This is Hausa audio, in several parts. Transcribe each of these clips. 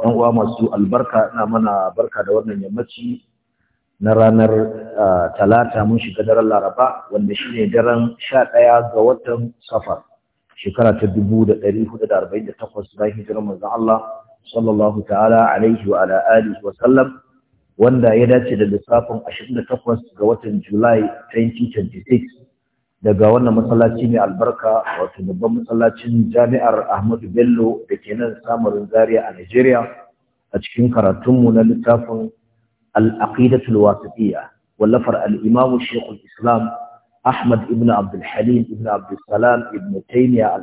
yan uwa masu albarka na mana barka da wannan yammaci na ranar talata mun shiga daren laraba wanda shi ne daren sha ɗaya ga watan safar shekara ta dubu da ɗari hudu da arba'in da takwas bayan hijirar manzon Allah sallallahu ta'ala alaihi wa ala wa sallam wanda ya dace da lissafin ashirin da takwas ga watan Julai 2026 daga wannan masallaci mai albarka wato babban masallacin jami'ar Ahmadu Bello da ke nan samarin Zaria a Nigeria a cikin karatunmu na littafin Al-Aqidatul Wasitiyya wallafar al-Imam Sheikh islam Ahmad ibn abdulhalim ibn abdulsalam ibn Taymiyyah al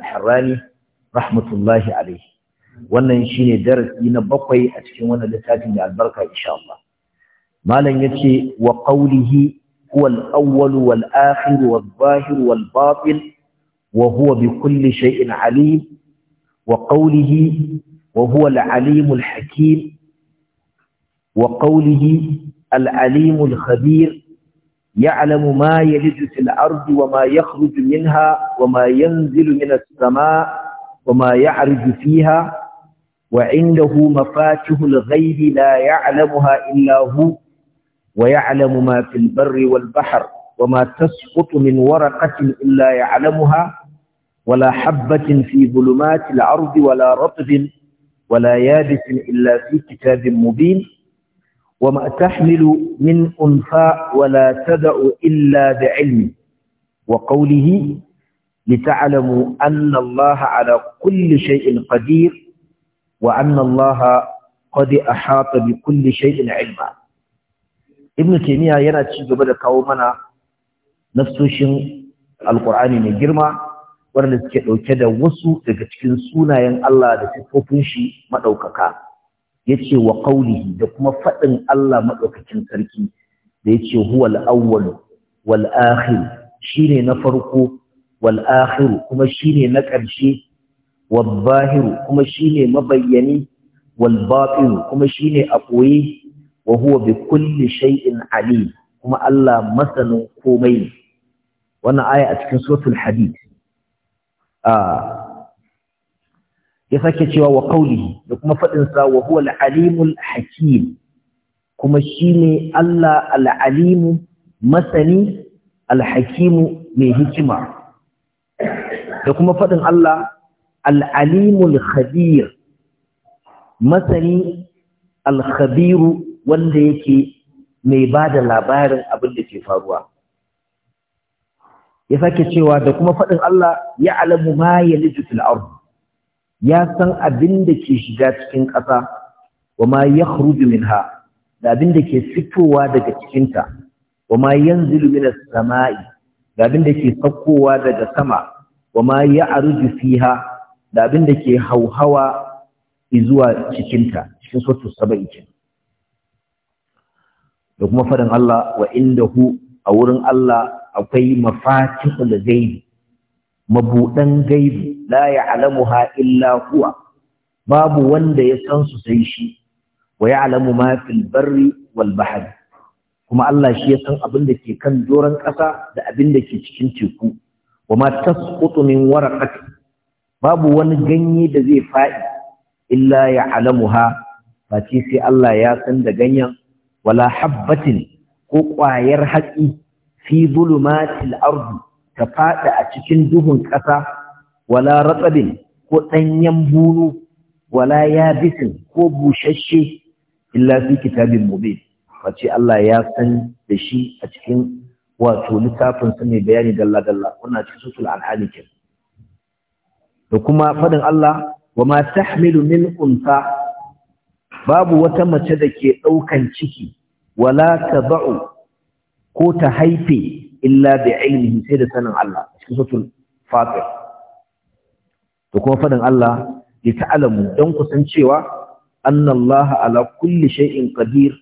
rahmatullahi alaihi wannan shine darasi na bakwai a cikin wannan littafin da albarka insha Allah malam yace wa qawlihi هو الأول والآخر والظاهر والباطن وهو بكل شيء عليم وقوله وهو العليم الحكيم وقوله العليم الخبير يعلم ما يلج في الأرض وما يخرج منها وما ينزل من السماء وما يعرج فيها وعنده مفاته الغيب لا يعلمها إلا هو ويعلم ما في البر والبحر وما تسقط من ورقة إلا يعلمها ولا حبة في ظلمات الأرض ولا رطب ولا يابس إلا في كتاب مبين وما تحمل من أنثى ولا تدع إلا بعلم وقوله لتعلموا أن الله على كل شيء قدير وأن الله قد أحاط بكل شيء علما ibn taymiya yana ci gaba da kawo mana nafsoshin alqur'ani mai girma wanda suke dauke da wasu daga cikin sunayen Allah da sifofin shi madaukaka yace wa qawlihi da kuma fadin Allah madaukakin sarki da yace huwal awwal wal akhir shine na farko wal akhir kuma shine na ƙarshe wal zahir kuma shine mabayyani wal batin kuma shine a koyi wa huwa bi kulli shay'in alim kuma Allah masanin komai wannan aya a cikin suratul hadid ah, ya sake cewa wa qawlihi da kuma fadin sa wa huwa al-alimul hakim kuma shine Allah al-alimu masani al-hakimu mai hikima da kuma fadin Allah al-alimul khabir masani al-khabiru wanda yake mai ba da labarin abin da ke faruwa ya sake cewa da kuma faɗin Allah ya alamu ma ya ya san abin da ke shiga cikin ƙasa wa ma ya min ha, da abin da ke fitowa daga cikinta wa ma yanzu minas sama'i da abin da ke saukowa daga sama wa ma ya fi ha, da abin da ke hauhawa izuwa cikinta cikin sautu saba'i da kuma faɗin Allah wa hu! a wurin Allah akwai mafatihul gaibi mabuɗan gaibi la ya'lamuha illa kuwa? babu wanda ya san su sai shi wa ya'lamu ma fil barri wal kuma Allah shi ya san abin da ke kan doron ƙasa da abin da ke cikin teku wa ma tasqutu min waraqatin babu wani ganye da zai faɗi illa ya'lamuha face sai Allah ya san da ganyen wala habbatin ko ƙwayar hatsi fi zulumatil ardu ta faɗi a cikin duhun ƙasa wala ratsabin ko ɗanyen bunu wala yabisin ko bushashe illa fi kitabin mubin Wace Allah ya san da shi a cikin wato littafin sa mai bayani dalla-dalla wannan cikin sutul ke? da kuma faɗin Allah wa ma tahmilu min unsa babu wata mace da ke ɗaukan ciki wala ta ba'u ko ta haife illa da ainihi sai da sanin Allah cikin sautul fatir to kuma faɗin Allah li ta'lamu dan kusan san cewa annallaha ala kulli shay'in qadir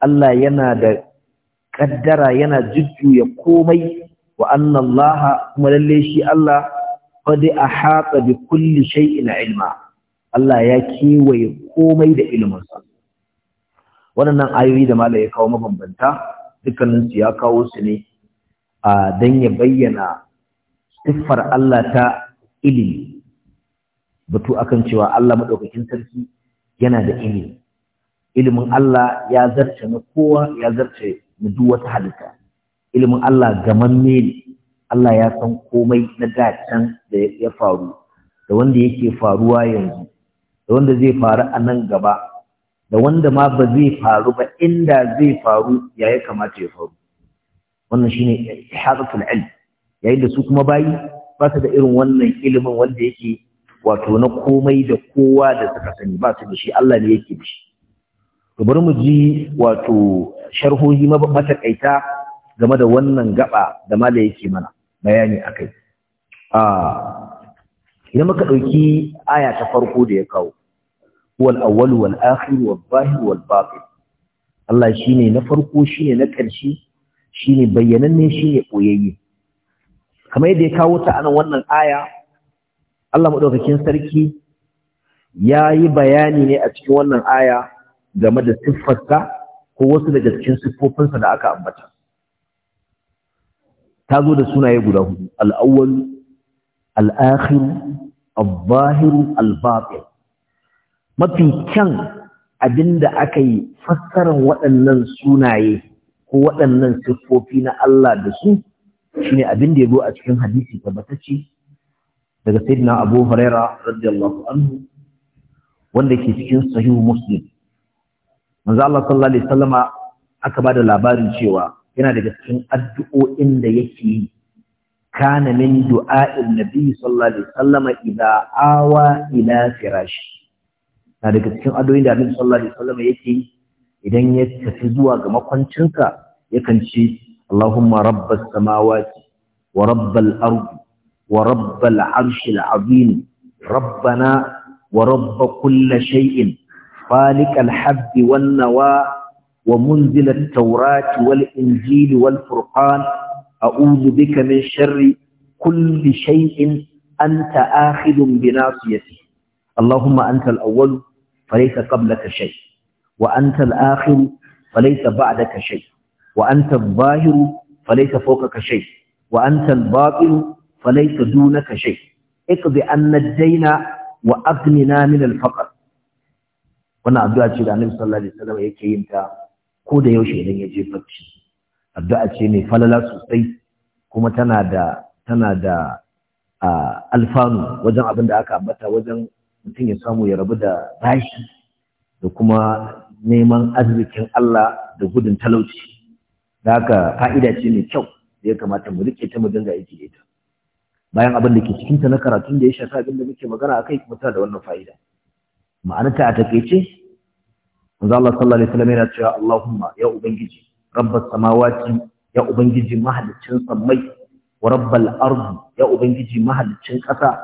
Allah yana da kaddara yana jujjuya komai wa annallaha kuma lalle shi Allah qad ahata bi kulli shay'in ilma Allah ya kewaye komai da iliminsa waɗannan ayoyi da mala ya kawo mabambanta dukkaninsu ya kawo su ne a don ya bayyana siffar Allah ta ilimi batu akan cewa Allah maɗaukakin sarki yana da ilimi ilimin Allah ya zarce na kowa ya zarce na duk wata halitta ilimin Allah gaman ne Allah ya san komai na dacen da ya faru da wanda yake faruwa yanzu da wanda zai faru a nan gaba da wanda ma ba zai faru ba inda zai faru ya ya kamata ya faru wannan shi shine ihadatul ilm yayin da su kuma bayi ba su da irin wannan ilimin wanda yake wato na komai da kowa da suka sani ba su da shi Allah ne yake da shi to bari mu ji wato sharhohi matakaita game da wannan gaba da mala yake mana bayani akai ah idan muka ɗauki aya ta farko da ya kawo wal awwal wal akhir wal zahir wal batin Allah shine na farko shine na ƙarshe shine bayyananne shine boyayye kamar yadda ya kawo ta anan wannan aya Allah madaukakin sarki ya yi bayani ne a cikin wannan aya game da siffarsa ko wasu daga cikin siffofinsa da aka ambata ta zo da sunaye guda hudu al-awwal al-akhir al-zahiru al mafi kyan abinda aka yi fassarar waɗannan sunaye ko waɗannan siffofi na Allah da su shine abin da ya zo a cikin hadisi tabbatacce daga sayyidina Abu Huraira radiyallahu anhu wanda ke cikin sahihu Muslim manzo Allah sallallahu alaihi wasallama aka bada labarin cewa yana daga cikin addu'o'in da yake yi kana min du'a'in nabi sallallahu alaihi awa ila firashi na daga cikin addu'o'in da annabi sallallahu alaihi yake idan ya tafi zuwa ga makwancinka yakan ce Allahumma rabbas samawati wa rabbal ardi wa rabbal arshil azim rabbana wa rabb kulli shay'in wa الحب taurati, ومنزل injili, والإنجيل والفرقان a'udhu bika min sharri kulli shay'in anta akhidun bi nasiyati Allahumma anta al-awwal falaysa qablaka shay wa anta al-akhir falaysa ba'daka shay wa anta al-zahir falaysa fawqaka shay wa anta al-batin falaysa dunaka shay iqdi anna ad-dayna wa aghnina min faƙar. faqr wannan addu'a ce da Annabi yake yin ta ko da yaushe idan ya je bacci addu'a ce mai falala sosai kuma tana da tana da alfanu wajen abin da aka ambata wajen mutum ya samu ya rabu da bashi da kuma neman arzikin Allah da gudun talauci da haka fa'ida ce mai kyau da ya kamata mu rike ta mu dinga aiki da ita bayan abin da ke cikin ta na karatu, da ya shafi abin da muke magana akai kuma tana da wannan fa'ida ma'anarta a takeice manzo Allah sallallahu alaihi wasallam yana cewa Allahumma ya ubangiji rabbar samawati ya ubangiji mahaliccin sammai wa rabbal ardi ya ubangiji mahaliccin ƙasa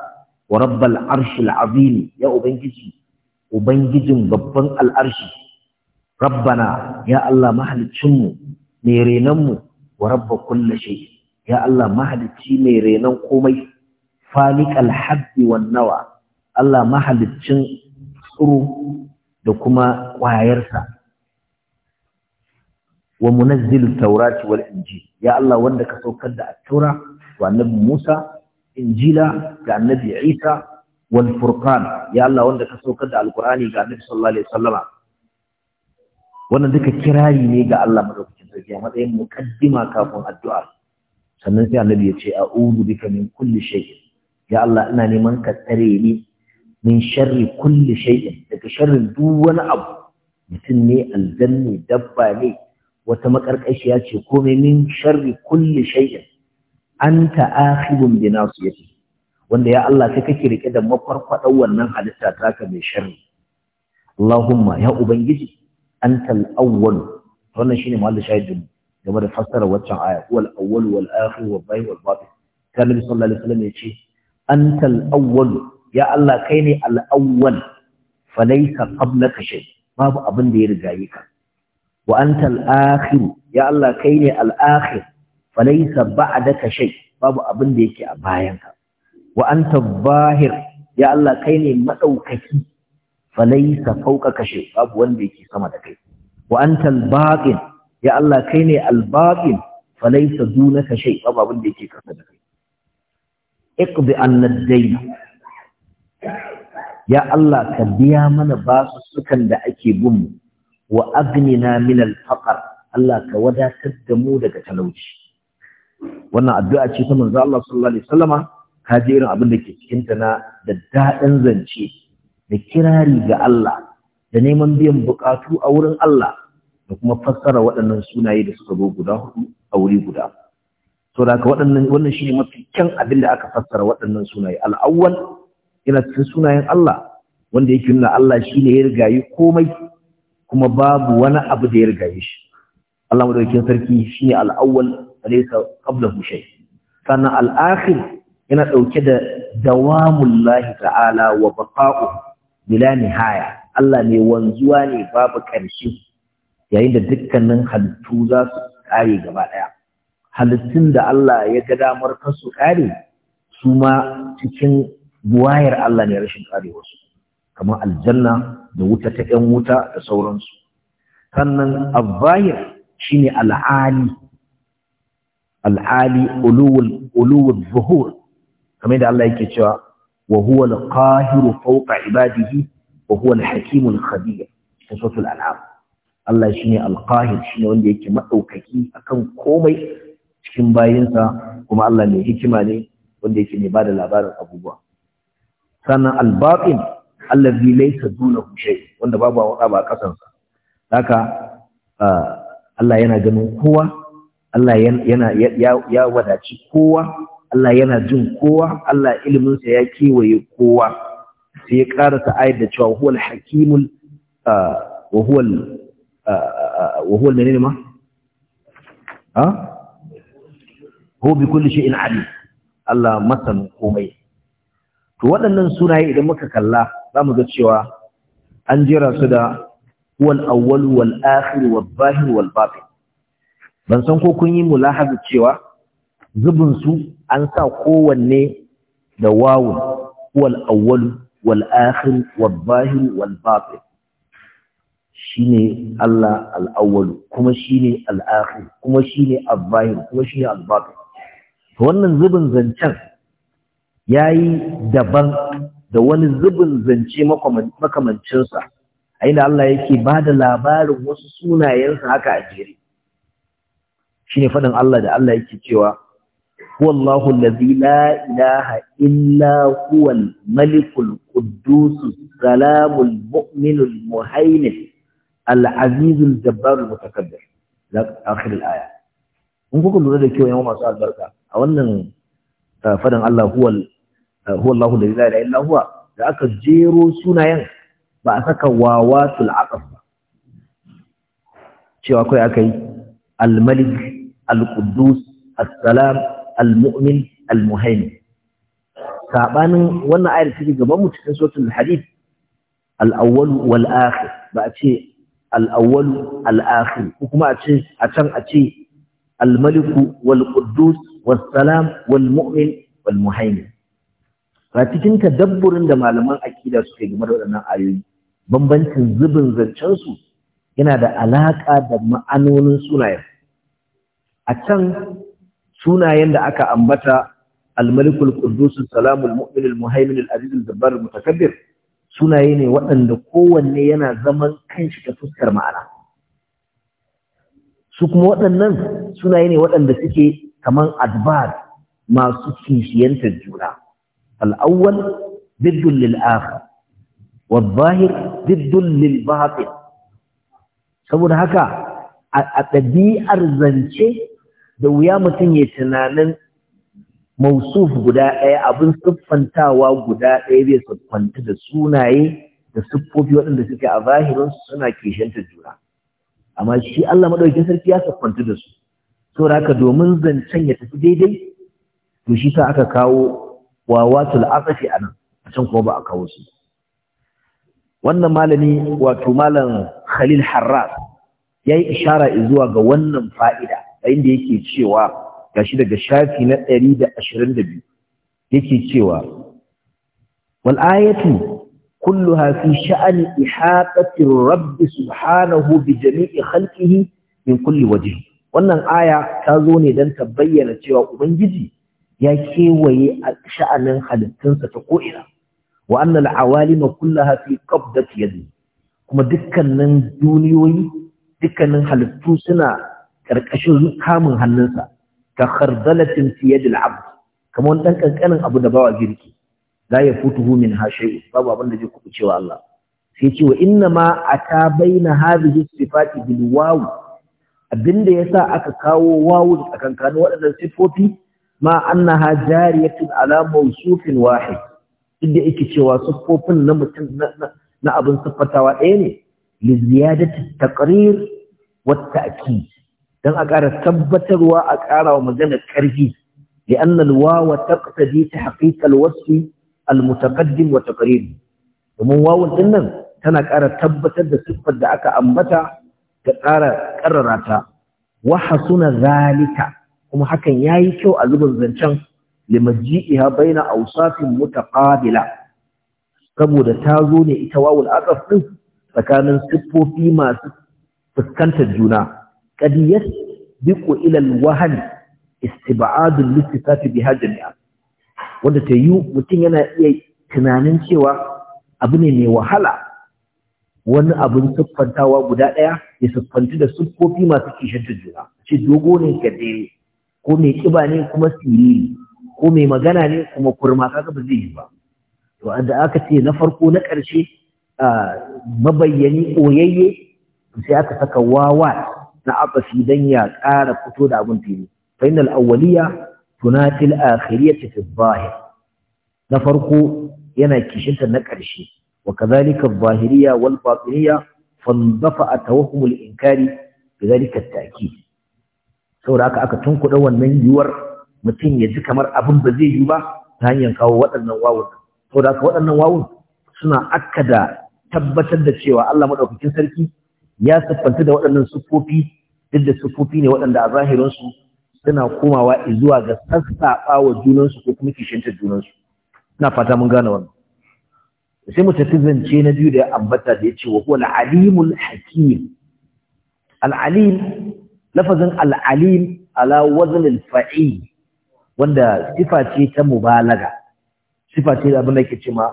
wa rabbal arshil azim ya ubangiji ubangijin babban al'arshi rabbana ya Allah mahalicin mu mai renan mu wa rabba kulli shay ya Allah mahalicci mai renan komai faliqal habbi wan nawa Allah mahalicin tsiro da kuma ƙwayarsa wa munazzilu taurati wal injil ya Allah wanda ka saukar da at-taura wa annabi Musa injila ga annabi Isa wal furqan ya Allah wanda ka saukar da alqur'ani ga annabi sallallahu alaihi wasallama wannan duka kirari ne ga Allah madaukakin sarki a matsayin muqaddima kafin addu'a sannan sai annabi ya ce a'udhu bika min kulli shay'in ya Allah ina neman ka tsare ni min sharri kulli shay'in daga sharrin duk wani abu mutum ne aljanni dabba ne wata makarkashiya ce komai min sharri kulli shay'in anta akhibun bi nasiyati wanda ya Allah sai kake rike da mafarfadan wannan halitta ka mai sharri Allahumma ya ubangiji antal awwal wannan shine mahallin shahidin game da fassara waccan aya huwal awwal wal akhir wal bayy wal batin kan nabi sallallahu alaihi wasallam yace antal awwal ya Allah kai ne al awwal falaysa qablaka shay babu abin da ya rigaye ka wa anta al-akhir ya Allah kai ne al-akhir falaysa ba'daka shay babu abin da yake a bayanka wa anta al-zahir ya Allah kai ne madaukaki falaysa fawqaka shay babu wanda yake sama da kai wa anta al-baqin ya Allah kai ne al-baqin falaysa dunaka shay babu abin da yake kasa da kai iqdi anna ad-dayn ya Allah ka biya mana basu sukan da ake bin mu wa agnina min al Allah ka wadatar da mu daga talauci wannan addu'a ce ta manzo Allah sallallahu alaihi wasallama ka ji irin abin da ke cikin ta na da dadin zance da kirari ga Allah da neman biyan bukatu a wurin Allah da kuma fassara waɗannan sunaye da suka zo guda hudu a wuri guda to da waɗannan wannan shine mafi kyan abin da aka fassara waɗannan sunaye al-awwal yana cikin sunayen Allah wanda yake nuna Allah shine ya rigayi komai kuma babu wani abu da ya riga shi Allah madaukakin sarki shine al-awwal alaysa qablahu shay sannan al-akhir yana dauke da dawamul lahi ta'ala wa baqa'u bila nihaya Allah ne wanzuwa ne babu ƙarshe yayin da dukkanin halittu za su kare gaba daya halittun da Allah ya ga damar kansu kare su ma cikin buwayar Allah ne rashin su. kamar aljanna da wuta ta ‘yan wuta da sauransu sannan al shine al'ali al'ali uluwul zuhur kamar da Allah yake cewa wa huwa al-qahiru fawqa ibadihi wa huwa al-hakimu al-khabir cikin Allah shine al-qahir shine wanda yake a akan komai cikin bayinsa kuma Allah mai hikima ne wanda yake ne bada labarin abubuwa sannan al allazi laysa dunahu shay wanda babu wata ba kasan sa haka ah, Allah yana ganin kowa Allah yana ya wadaci kowa Allah yana jin kowa Allah ilimin sa ya kewaye kowa sai ya karasa ayat da cewa huwal hakimul ah, wa huwal ah, wa huwal menene ma ha huwa bi kulli shay'in alim Allah masan komai to waɗannan sunaye idan muka kalla za mu ga cewa an jira su da huwal awwal wal akhir wal zahir wal batin ban san ko kun yi mulahaza cewa zubin su an sa kowanne da wawun huwal awwal wal akhir wal zahir wal batin shine Allah al-awwal kuma shine al-akhir kuma shine al-zahir kuma shine al-batin wannan zubin zancen yayi daban da wani zubin zance makamancinsa a da Allah yake ba da labarin wasu sunayensa haka a jere shi ne faɗin Allah da Allah yake cewa wallahu allazi la ilaha illa huwal malikul quddus salamul mu'minul muhaimin al-azizul jabbarul mutakabbir akhir al in kuka lura da kyau yawan masu albarka a wannan uh, faɗin Allah huwal Eh, huwa Allahu la ilaha illa huwa da aka jero sunayen ba a saka wawatul aqab ba cewa kai akai al-malik al-quddus as-salam al-mu'min al-muhaymin sabanin wannan ayar take gaban mu cikin suratul hadid al-awwal wal akhir ba a ce al-awwal al akhir ko kuma a ce a can a ce al-malik wal quddus was-salam wal mu'min wal muhaymin ga cikin tadabburin da malaman akida suke game da waɗannan ayoyi bambancin zubin zancen su yana da alaƙa da ma'anonin sunayen a can sunayen da aka ambata Almalikul malikul salamul Muminul al al mutakabbir sunaye ne waɗanda kowanne yana zaman kanshi ta fuskar ma'ana su kuma waɗannan sunaye ne waɗanda suke kaman adbar masu kishiyantar juna الأول ضد للآخر والظاهر ضد للباطل saboda haka a ɗabi'ar zance da wuya mutum ya tunanin mausuf guda ɗaya abin siffantawa guda ɗaya zai siffanta da sunaye da siffofi waɗanda suke a zahirinsu suna kishanta juna amma shi Allah maɗaukin sarki ya siffanta da su saboda haka domin zancen ya tafi daidai to shi ta aka kawo Wa asafi anan a can kuma ba a kawo su wannan malami wato malam Khalil Harras yi ishara zuwa ga wannan fa'ida inda yake cewa gashi daga shafi na 122 yake cewa wal ayatu كلها sha'ani شأن rabbi subhanahu سبحانه بجميع خلقه من كل waje. wannan aya ta zo ne don ta bayyana cewa ubangiji ya kewaye a sha'anin halittunsa ta ko'ina wa annal awalima kullaha fi qabdati yadi kuma dukkanin duniyoyi dukkanin halittu suna karkashin kamun hannunsa ka khardalatin fi yadi al Kama kamar dan ƙanƙanin abu da bawa girki ya yafutuhu min hashay babu abin da zai kuɓi cewa Allah sai ce wa inna ma a ta baina hadhihi sifati bil wawu abinda ya sa aka kawo wawu tsakankanin waɗannan sifofi ma annaha jariyatun ala mawsufin wahid inda da yake cewa siffofin na mutum na abin sifatawa ɗaya ne li ziyadati taqrir wa ta'kid dan a ƙara tabbatarwa a ƙara wa magana ƙarfi li anna al-wawa taqtadi tahqiq al-wasf al-mutaqaddim wa taqrir domin wawu dinnan tana ƙara tabbatar da siffar da aka ambata ga ƙara ƙarrara ta wa hasuna zalika kuma hakan ya yi kyau a zubin zancen limaji'iha baina muta ƙabila. saboda ta zo ne ita wawul aqaf ɗin, tsakanin siffofi masu fuskantar juna qad yasbiqu ila al-wahn istib'ad al-ittifaq jami'a wanda ta yi mutum yana iya tunanin cewa abu ne mai wahala wani abin siffantawa guda ɗaya ya siffanci da siffofi masu kishin juna ce dogo ne ga dare ko mai kiba ne kuma siriri ko mai magana ne kuma kurma kaga ba zai yi ba to da aka ce na farko na ƙarshe mabayyani koyayye sai aka saka wawa na abafi dan ya ƙara fito da abin fili fainal awwaliya tunatil ta fi na farko yana kishinta na ƙarshe wa kazalika adh-dhahiriyya wal batiniyya fandafa tawahhum al-inkari bidhalika at-ta'kid saboda haka aka tunkuɗa wannan yiwuwar mutum ya ji kamar abin ba zai yi ba ta hanyar kawo waɗannan wawun saboda haka waɗannan wawun suna da tabbatar da cewa Allah maɗaukakin sarki ya siffanta da waɗannan siffofi duk da siffofi ne waɗanda a zahirinsu suna komawa zuwa ga sassaɓa wa junansu ko kuma kishinta junansu Ina fata mun gane wannan sai mu tafi zance na biyu da ya ambata da ya ce wa huwa al-alimul hakim al-alim lafazin al'alim ala wazanin fa'i wanda sifa ce ta mubalaga sifa ce abin da ke ce ma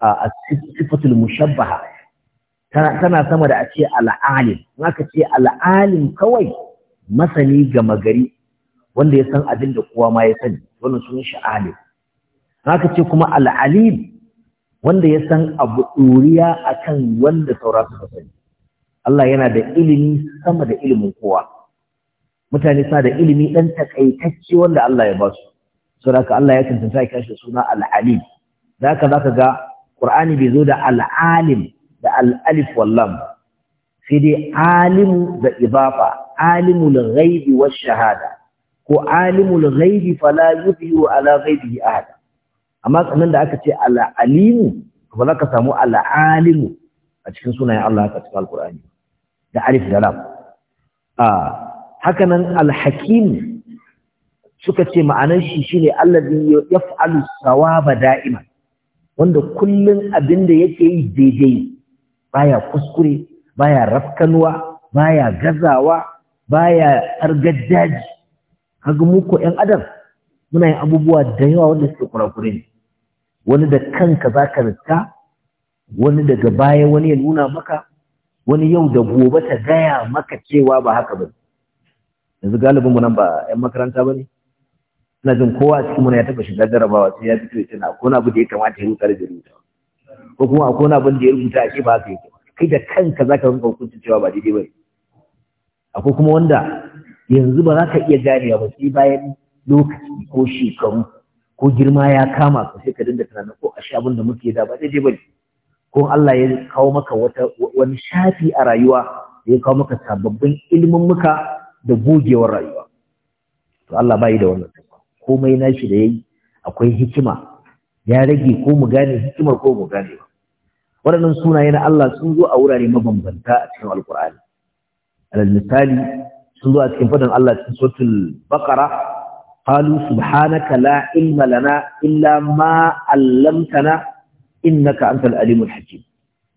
a sifatul mushabbaha tana sama da a ce al'alim in ce al'alim kawai masani gama gari wanda ya san abin da kowa ma ya sani wani sun shi alim na ce kuma al'alim wanda ya san abu ɗoriya akan wanda saura ka sani Allah yana da ilimi sama da ilimin kowa mutane sa da ilimi dan takaitacce wanda Allah ya ba su haka Allah ya tantance ya kashi suna Za ka zaka zaka ga Al-ƙur'ani bai zo da al'alim da al-alif sai dai alimu da idafa alimul ghaibi wash shahada ko alimul ghaibi fala yudhiru ala ghaibihi ahad amma sannan da aka ce alalimu alimu ba za ka samu al'alimu a cikin sunayen Allah haka cikin al da alif da lam ah, hakanan alhakim suka ce ma'anar shi shine allazi fa’alu sawaba da'ima wanda kullun abin da yake yi daidai baya kuskure baya rafkanuwa baya gazawa baya argaddaji kaga mu ko ƴan adam muna yin abubuwa da yawa wanda suke kurakure ne wani da kanka zaka rika wani daga baya wani ya nuna maka wani yau da gobe ta gaya maka cewa ba haka ba yanzu galibin nan ba 'yan makaranta ba ne? na jin kowa a cikin muna ya taba shiga jarabawa sai ya fito ya tana ko na abu da ya kamata ya rubuta da rubuta ko kuma akwai wani abin da ya rubuta a ce ba ka yi kai da kanka za zaka rinka hukuncin cewa ba daidai bane akwai kuma wanda yanzu ba za ka iya gane ba sai bayan lokaci ko shekaru ko girma ya kama ka sai ka dinga tunanin ko ashe abin da muke da ba daidai bane ko Allah ya kawo maka wata wani shafi a rayuwa ya kawo maka sababbin ilimin muka da gogewar rayuwa to Allah bai da wannan komai nashi da yayi akwai hikima ya rage ko mu gane hikimar ko mu gane ba waɗannan sunaye na Allah sun zo a wurare mabambanta a cikin alkur'ani alal misali sun zo a cikin fadan Allah cikin suratul baqara قالوا سبحانك لا علم ma إلا ما علمتنا إنك أنت الأليم الحكيم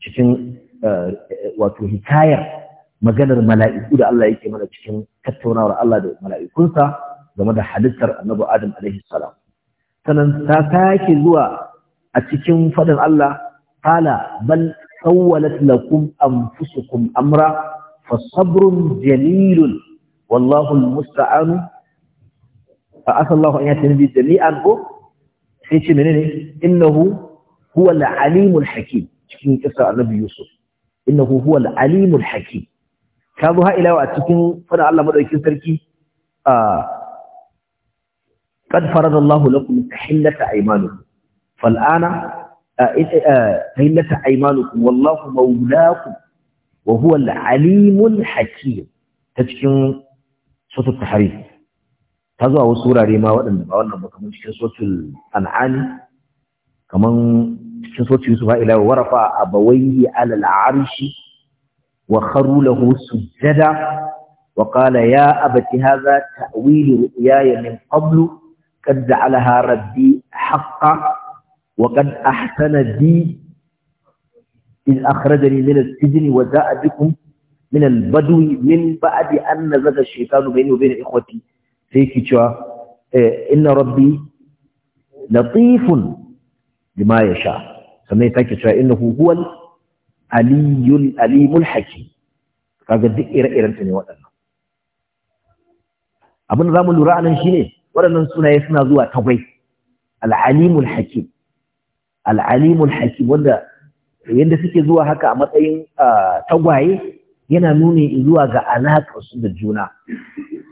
cikin eh, eh, wato hikayar maganar mala'iku da Allah yake mana cikin tattaunawar Allah da mala'ikunsa game da halittar annabi Adam alaihi salam sanan ta sake zuwa a cikin fadin Allah qala bal sawwalat lakum anfusukum amra fasabrun jamilun wallahu almusta'an fa asallahu an yatini bi jami'an ko sai ce menene innahu huwa al-alimul hakim cikin kisa annabi Yusuf innahu huwa al-alimul hakim ta zo ha'ilawa a cikin fadin Allah madaukakin sarki a qad farada Allahu lakum tahillata aymanukum fal'ana tahillata aymanukum wallahu ku, wa huwa al-alimul hakim ta cikin sotar ta tahrim ta zuwa wasu wurare ma waɗanda ba wannan ba kamar cikin suratul an'am kaman cikin suratul yusuf ha ila warafa abawayhi ala al-arshi وخروا له سجدا وقال يا أبت هذا تأويل رؤياي من قبل قد جعلها ربي حقا وقد أحسن بي إذ أخرجني من السجن وجاء بكم من البدو من بعد أن نزل الشيطان بيني وبين إخوتي فيكي تشوى إيه، إن ربي لطيف لما يشاء سميتك إنه هو aliyul alimul hakim kaga duk ire-iren ta ne waɗannan abin da zamu lura anan shine waɗannan sunaye suna zuwa tagwai al-alimul hakim al wanda yadda suke zuwa haka a matsayin tagwaye yana nuni zuwa ga alaƙa su da juna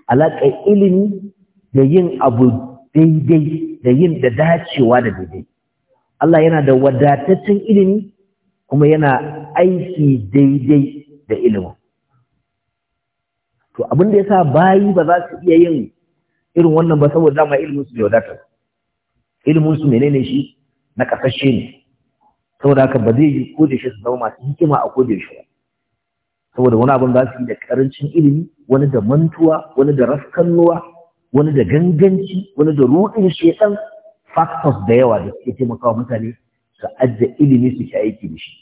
alaƙa ilimi da yin abu daidai da yin da dacewa da daidai Allah yana da wadataccen ilimi kuma yana aiki daidai da ilimi. to abin da yasa bayi ba za su iya yin irin wannan ba saboda dama ilimin su bai wadata ilimin su menene shi na kasashe ne saboda haka ba zai yi ko da shi su zama masu hikima a ko da shi ba saboda wani abin za su yi da ƙarancin ilimi wani da mantuwa wani da raskannuwa wani da ganganci wani da ruɗin shekan factors da yawa da suke taimakawa mutane su ajiye ilimi su ke aiki da shi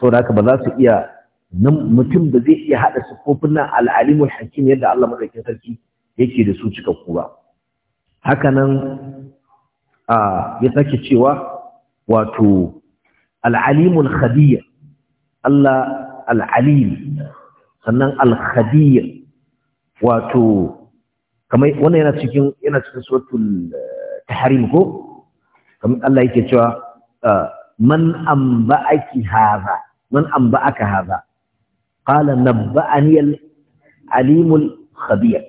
saboda ba za su iya nan mutum da zai iya haɗa siffofin nan al'alimul hakim yadda Allah madaukakin sarki yake da su cika ba haka nan ya sake cewa wato al'alimul Allah al'alim sannan al-khabir wato kamar wannan yana cikin yana cikin suratul eh, tahrim ko kamar Allah yake cewa eh, man amba'aki hadha man anba'aka hadha qala nabba'ani al-alimul khabir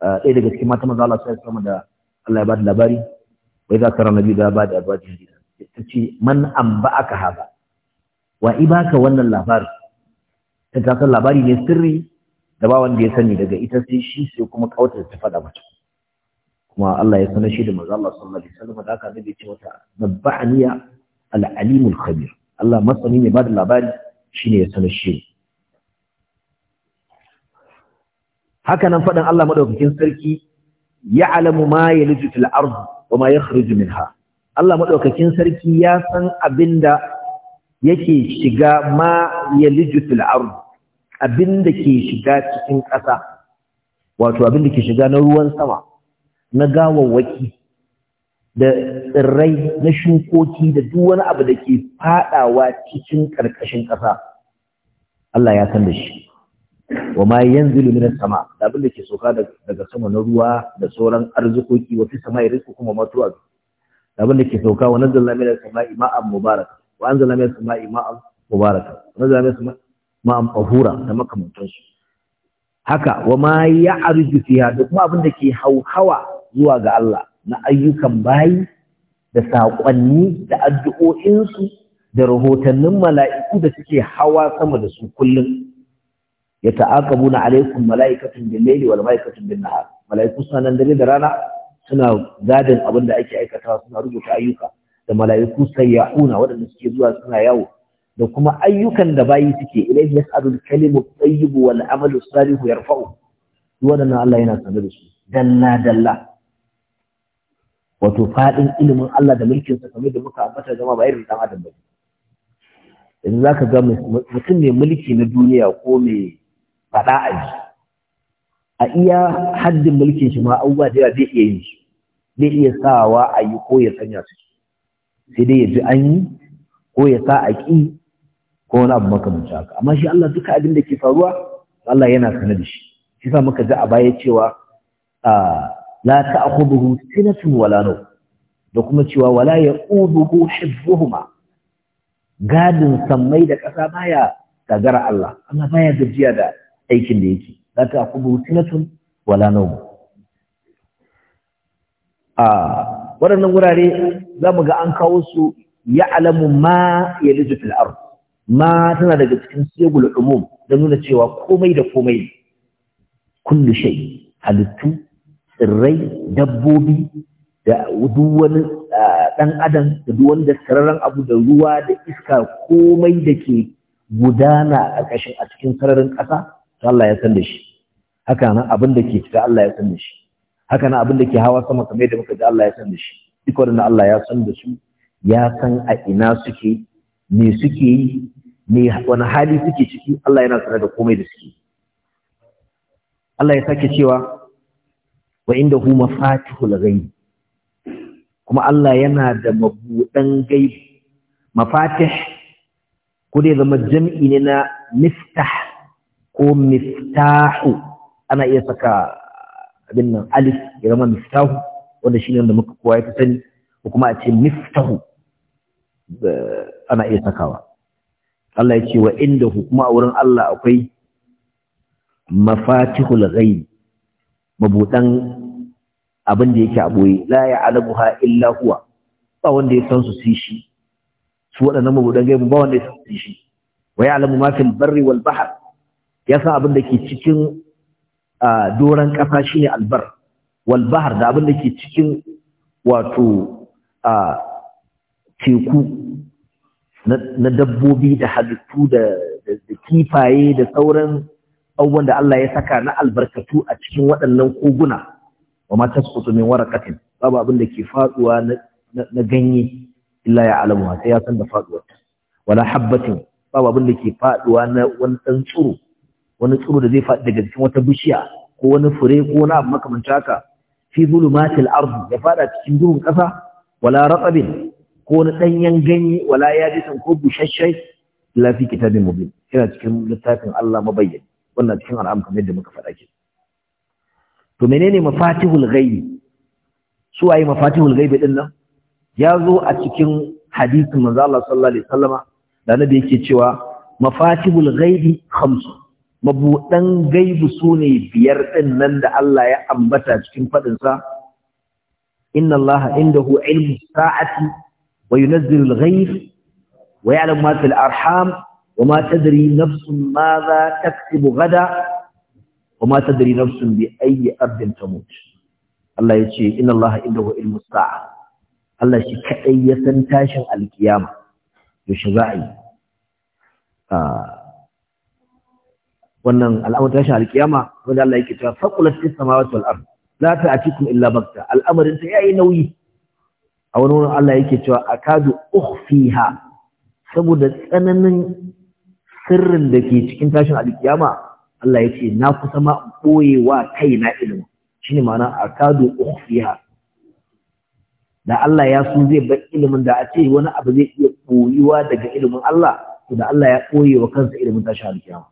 ɗaya daga cikin mata maza Allah sai sama da Allah ya ba da labari wai za ka biyu da ba da abajin gida ta ce man an ba aka haɓa wa ibaka wannan labari ta ta san labari ne sirri da ba wanda ya sani daga ita sai shi sai kuma da ta fada mata kuma Allah ya sanar shi da maza da aka ce wata nabba'aniya al-alimul Allah masani ne ba da labari shi ne ya sanar shi haka nan faɗin Allah maɗaukakin sarki ya alamu ma ya liji fil wa ma ya kharuju minha Allah maɗaukakin sarki ya san abinda yake shiga ma ya liji abinda ke shiga cikin ƙasa wato abinda ke shiga na ruwan sama na gawawwaki da tsirrai na shukoki da duk wani abu da ke fadawa cikin karkashin ƙasa Allah ya san da shi wa ma yanzilu minas sama da abin da ke soka daga sama na ruwa da sauran arzikoki wa fi sama rizqu kuma matuwa da abin da ke soka wa nazzalna minas sama'i ma'an mubarak wa anzalna minas sama'i ma'an mubarak wa nazzalna minas sama'i ma'an tahura da makamantansu haka wa ma ya'ruju fiha da kuma abin da ke hauhawa zuwa ga Allah na ayyukan bayi da saƙonni da addu'o'insu da rahotannin mala'iku da suke hawa sama da su kullum ya ta'aqabu buna alaikum mala'ikatun bil laili wal mala'ikatun mala'iku suna nan dare da rana suna gadin abin da ake aikatawa suna rubuta ayyuka da mala'iku sayyahuna waɗanda suke zuwa suna yawo da kuma ayyukan da bayi suke ilaihi yas'alul kalimu tayyibu wal amalu salihu yarfa'u waɗannan Allah yana sanar da su dalla dalla wato faɗin ilimin Allah da mulkin sa kamar da muka ambata zama ba irin dan adam ba yanzu zaka ga mutum ne mulki na duniya ko mai faɗa a ji a iya haddin mulkin shi ma abubuwa da zai iya yin shi zai iya sawa a yi ko ya sanya su sai dai ya ji an yi ko ya sa a ƙi ko wani abu makamancin haka amma shi Allah duka abin da ke faruwa Allah yana sanar da shi shi sa muka ji a baya cewa ah, la ta'khudhuhu sinatun wala nawm da kuma cewa wala ya'uduhu hibbuhuma gadin sammai da ƙasa baya gagara Allah amma baya gajiya da aikin da yake la ta'khudhuhu sinatun wala nawm a waɗannan wurare zamu ga an kawo su alamu ma yalidu fil ard ma tana daga cikin sigul umum da nuna cewa komai da komai kullu shay halittu tsirrai dabbobi da duwan ɗan adam da duwan da sararin abu da ruwa da iska komai da ke gudana a ƙashin a cikin sararin ƙasa to Allah ya san da shi haka nan abin da ke cika Allah ya san da shi haka nan abin da ke hawa sama kamar yadda muka ji Allah ya san da shi duk wannan Allah ya san da su ya san a ina suke me suke yi me wani hali suke ciki Allah yana sanar da komai da suke Allah ya sake cewa wa inda hu mafatihul ghaib kuma Allah yana da mabudan gaib mafatih ko dai zama jam'i ne na miftah ko miftahu ana iya saka abin nan alif ya zama miftahu wanda shi ne wanda muka kowa ya sani ko kuma a ce miftahu ana iya sakawa Allah ya ce wa inda hu kuma a wurin Allah akwai mafatihul ghaib Mabuɗan abin da yake a boye la ya'lamuha illa huwa ba wanda ya san su sai shi su waɗannan mabudan gaibu ba wanda ya san su shi wa ya'lamu ma fil barri wal bahr ya san abin da ke cikin doran ƙasa shine albar wal da abin da ke cikin wato teku na dabbobi da halittu da kifaye da sauran abubuwan da Allah ya saka na albarkatu a cikin waɗannan koguna wa ma tasqutu min babu abin da ke faɗuwa na ganye illa ya alamu sai ya san da faduwar wala habbatin babu abin da ke faɗuwa na wani ɗan tsuro wani tsuro da zai faɗi daga cikin wata bishiya ko wani fure ko wani abu makamancin haka fi zulumatil ard ya fada cikin duhun ƙasa wala ratabin ko wani ɗanyen ganye wala yajisan ko bushashshai illa fi kitabin mubin yana cikin littafin Allah mabayyin wannan cikin al'am kamar yadda muka faɗa ke to menene mafatihul ghaibi su waye mafatihul ghaibi din nan ya zo a cikin hadisin manzo Allah sallallahu alaihi wasallama da nabi yake cewa mafatihul ghaibi khamsu mabudan gaibu sune biyar din nan da Allah ya ambata cikin fadin sa inna Allah indahu ilmu sa'ati wa yunzilu al-ghaib wa ya'lamu ma fil arham وما تدري نفس ماذا تكسب غدا وما تدري نفس بأي أرض تموت الله يجي إن الله عنده علم الساعة Allah shi kaɗai ya san tashin alkiyama yaushe za wannan al'amarin tashin alkiyama wanda Allah yake cewa faqulat fis samawati wal ard la ta'tikum illa bakta al'amarin ta yayi nauyi a wani wurin Allah yake cewa akadu ukhfiha saboda tsananin sirrin da ke cikin tashin alkiyama Allah ya ce na kusa ma ɓoye wa kai na ilimin shi ne ma'ana a kado ofiya da Allah ya so zai bar ilimin da a ce wani abu zai iya ɓoyewa daga ilimin Allah to da Allah ya koye wa kansa ilimin tashin alkiyama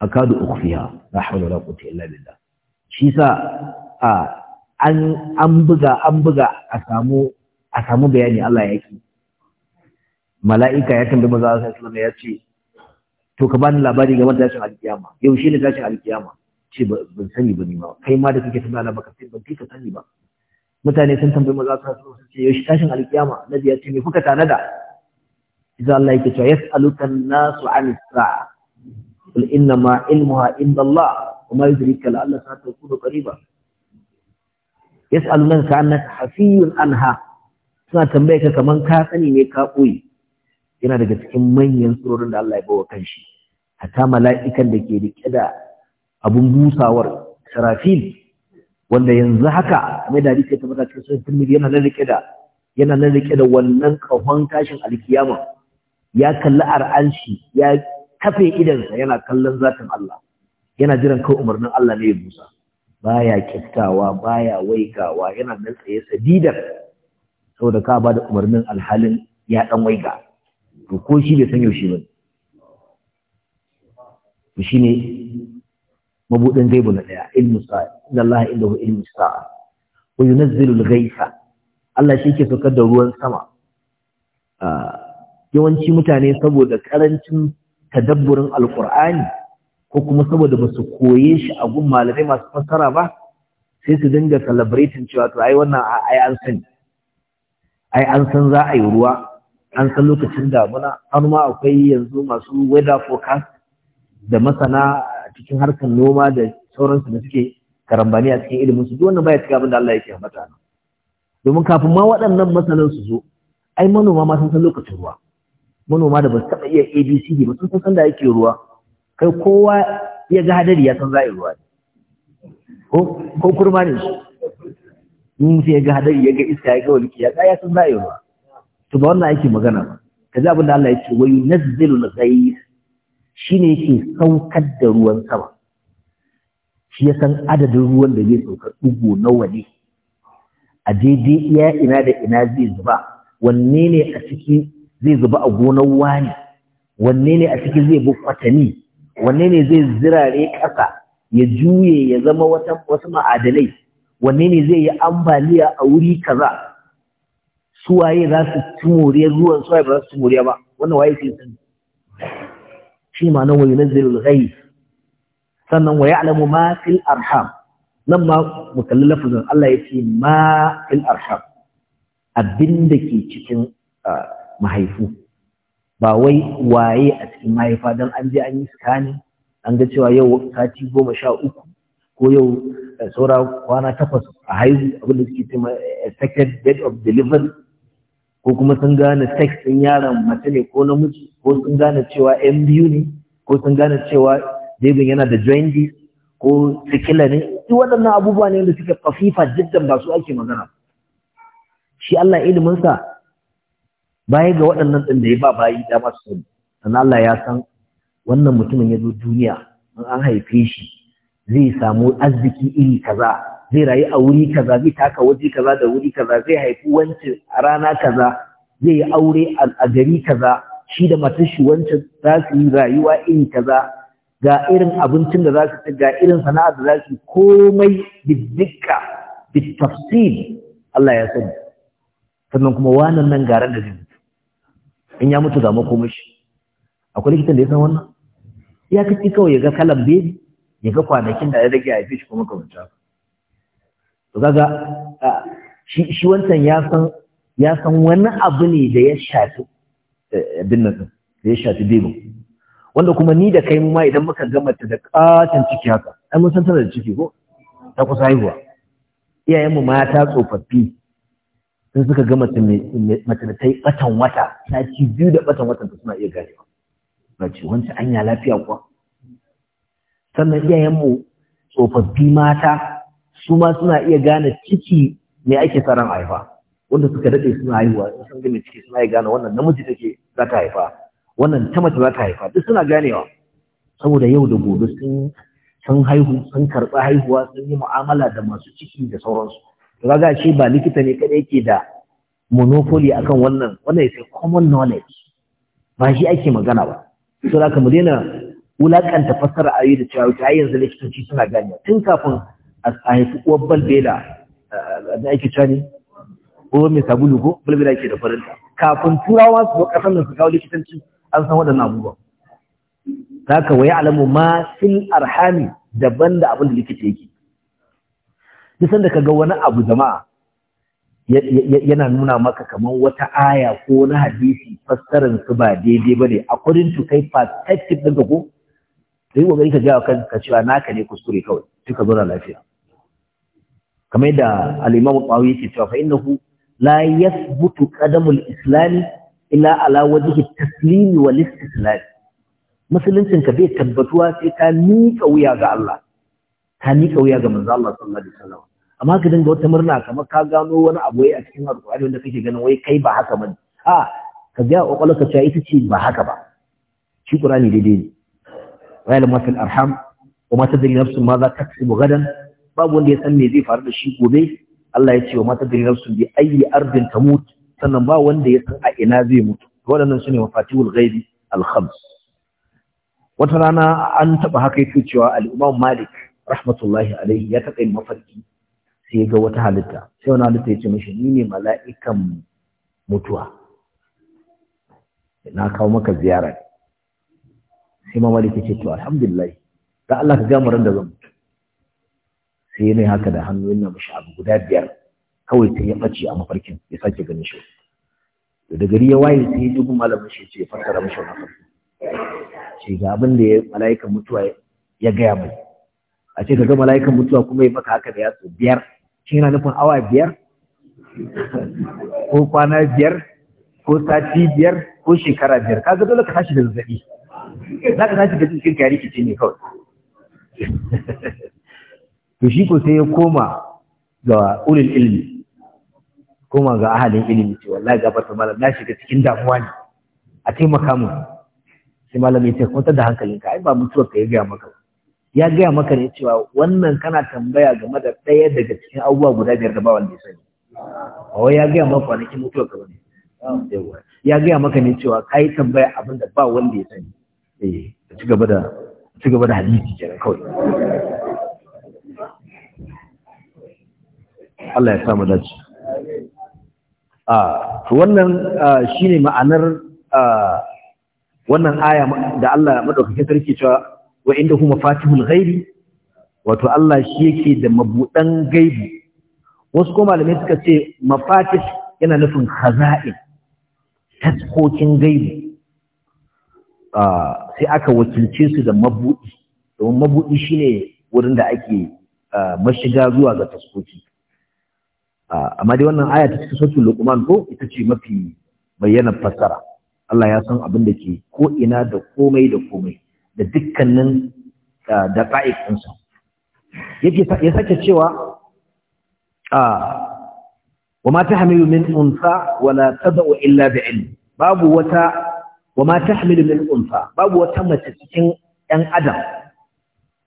a kado ofiya la hawla wala quwwata illa billah shi sa an an buga an buga a samu a samu bayani Allah ya ki mala'ika ya tambayi maza Allah sallallahu ya ce to ka bani labari game da tashin alkiyama yau shine tashin alkiyama ce ban sani ba ni ma kai ma da kake tambaya baka sai ban kika sani ba mutane sun tambayi maza sallallahu alaihi ce yau shi tashin alkiyama nabi ya ce me kuka tanada idan Allah yake cewa yas'aluka an-nasu 'anis sa'a qul inna ma ilmuha inda Allah wa ma yudrika la'alla sa'atu takunu qariba yas'alunaka annaka hafiyun anha suna tambaye ka kaman ka sani ne ka koyi yana daga cikin manyan surorin da Allah ya bawa kanshi hatta mala'ikan da ke rike da abun busawar sarafil wanda yanzu haka mai da rike ta mata cikin sunan tirmidhi yana nan rike da yana nan rike da wannan kahon tashin alkiyama ya kalli ar'anshi ya kafe idansa yana kallon zatin Allah yana jiran kai umarnin Allah ne ya busa baya kiftawa baya waigawa yana nan tsaye sadidar saboda ka ba da umarnin alhalin ya dan waiga to ko shi bai san yaushe ba to ne mabudin gaibu na daya ilmu sa'a inda Allah hu ilmu sa'a wa Allah shi yake saukar da ruwan sama yawanci mutane saboda karancin tadabburin alqur'ani ko kuma saboda ba su koye shi a gun malamai masu fassara ba sai su dinga celebrating cewa to ai wannan ai an san ai an san za a yi ruwa an san lokacin damuna an ma akwai yanzu masu weather forecast da masana cikin harkar noma da sauransu da suke karambani a cikin ilimin su wannan baya cikin abin da Allah yake ambata nan domin kafin ma waɗannan masanan su zo ai manoma ma sun san lokacin ruwa manoma da ba su taɓa iya abcd ba sun san sanda yake ruwa kai kowa ya ga hadari ya san za a yi ruwa ne, ko kurma ne shi in sai ya ga hadari ya ga iska ya ga walƙiya ya san za a yi ruwa to ba wannan ake magana ba kaza abin da Allah ya ce wayu nazzilu al-ghayth shine yake saukar da ruwan sama shi ya san adadin ruwan da zai sauka dugo nawa ne a daidai iya ina da ina zai zuba wanne ne a ciki zai zuba a gonar wani wanne ne a ciki zai bi kwatani wanne ne zai zirare ƙasa ya juye ya zama wasu ma'adalai? wanne ne zai yi ambaliya a wuri kaza su waye za su ci moriya ruwan su waye ba za su ci moriya ba wannan waye ke sani shi ma nan wayo nazilul ghaib sannan waye alamu ma fil arham nan ma mu kalli lafazin Allah ya ce ma fil arham abin da ke cikin mahaifu ba wai waye a cikin mahaifa don an je an yi scanning an ga cewa yau sati goma sha uku ko yau eh, saura kwana takwas a haihu abin da suke a eh, second date of delivery ko kuma sun gane sex ɗin yaron mace ne ko namiji ko sun gane cewa yan biyu ne ko sun gane cewa jebin yana da joindy ko sikila ne duk waɗannan abubuwa ne da suke kafifa jiddan ba su ake magana shi Allah iliminsa baya ga waɗannan ɗin da ya ba bayi dama su sani sannan Allah ya san wannan mutumin ya zo duniya in an haife shi zai samu arziki iri kaza zai rayu a wuri kaza zai taka waje kaza da wuri kaza zai haifi wancan a rana kaza zai yi aure a gari kaza shi da matan shi wancan za su yi rayuwa iri kaza ga irin abincin da za su ci ga irin sana'a da za su komai biddika bitafsil Allah ya sani sannan kuma wannan nan garan da zai mutu in ya mutu ga shi akwai likitan da ya san wannan ya kaci kawai ya ga kalan bebi ya ga kwanakin da ya rage a shi kuma kawai to kaga shi wancan ya san ya san wani abu ne da ya shafi eh, abin nan da ya shafi bebin wanda kuma ni da kai mu ma idan muka gama ta da katon ciki haka ai mun san tana da ciki ko ta kusa haihuwa iyayenmu mata tsofaffi sun suka ga mace da ta yi batan wata sati biyu da batan wata ta suna iya gane ba ce wancan anya lafiya kuwa sannan iyayenmu tsofaffi mata su ma suna iya gane ciki me ake tsaron haifa wanda suka daɗe suna haihuwa sun san ciki suna iya gane wannan namiji take za ta haifa wannan ta mace za ta haifa duk suna ganewa saboda yau da gobe sun san haihu sun karɓi haihuwa sun yi mu'amala da masu ciki da sauransu to kaga shi ba likita ne kada yake da monopoly akan wannan wannan sai common knowledge ba shi ake magana ba to haka mu daina wulakanta fassara ayoyi da cewa ta yanzu likitoci suna ganewa tun kafin a haifi uwar balbela na eh, aiki cewa ne uwar mai sabulu ko balbela ke da faranta. kafin turawa su zo ƙasar nan su kawo likitanci an san waɗannan abubuwan za ka waya alamu ma fil arhami daban da abin da likita yake nisan da ka ga wani abu jama'a yana nuna maka kamar wata aya ko na hadisi fassarar su ba daidai ba ne a kudin to kai perspective ɗin ka ko sai kokari ka jawo kanka cewa naka ne kuskure kawai sai ka lafiya kamar yadda al-Imam yake cewa fa innahu la butu, qadamul islami, illa ala wajhi taslimi taslim wal istislam musuluncin ka bai tabbatuwa sai ka miƙa wuya ga Allah ta miƙa wuya ga manzo Allah sallallahu alaihi wasallam amma ka dinga wata murna kamar ka gano wani abu a cikin alƙur'ani wanda kake ganin wai kai ba haka bane a ka ga kokolon ka ita ce ba haka ba shi ƙur'ani daidai ne wa ya'lamu fil arham wa ma tadri nafsun ma za taksibu gadan babu wanda ya san me zai faru da shi gobe Allah ya ce wa mata dare nafsu bi ayi ardin tamut sannan ba wanda ya san a ina zai mutu waɗannan sune mafatihul ghaibi al khams wata rana an taba haka yake cewa al imam malik rahmatullahi alaihi ya taɓa yin mafarki sai ya ga wata halitta sai wani halitta ya ce mishi ni ne mala'ikan mutuwa na kawo maka ziyara sai ma malik ya ce to alhamdulillah da Allah ka gamu ran da zan sai mai haka da hannu yana mashi abu guda biyar kawai sai ya ɓace a mafarkin ya sake ganin shi to da gari ya waye sai ya ji malamin shi ce fassara mashi wannan farko ce ga abin da ya mala'ikan mutuwa ya gaya mai a ce ga mala'ikan mutuwa kuma ya maka haka da yatsu biyar shi yana nufin awa biyar ko kwana biyar ko sati biyar ko shekara biyar ka ga dole ka tashi da zazzaɓi za ka tashi da jikin ka ce ne kawai to shi ko sai ya koma ga ulil ilmi koma ga ahalin ilimi ce wallahi gafarta malam na shiga cikin damuwa ne a taimaka mu sai malam ya ce kwantar da hankalinka ai ba mutuwar ka ya gaya maka ya gaya maka ne cewa wannan kana tambaya game da ɗaya daga cikin abubuwa guda biyar da ba wanda ya sani wai ya gaya maka kwanakin mutuwar ka bane ya gaya maka ne cewa ka yi tambaya abin da ba wanda ya sani eh ci gaba da ci gaba da hadisi kenan kawai Allah ya samu dace a wannan shine ma'anar wannan aya da Allah madaukakin sarki cewa wa inda kuma fatihul ghaibi wato Allah shi yake da mabudan gaibu wasu kuma malamai suka ce mafatih yana nufin khaza'in taskokin gaibu sai aka wakilce su da mabudi domin mabudi shine wurin da ake mashiga zuwa ga taskoki Ah, amma dai wannan aya ta cikin suratul luqman ko ita ce mafi bayyana fassara Allah ya san abin da ke ko ina da komai da komai da dukkanin ah, da qa'id ɗinsa yake ya sake cewa وما ta من أنثى ولا تضع إلا بعلم باب وتا ta تحمل min unsa babu wata mace cikin ɗan adam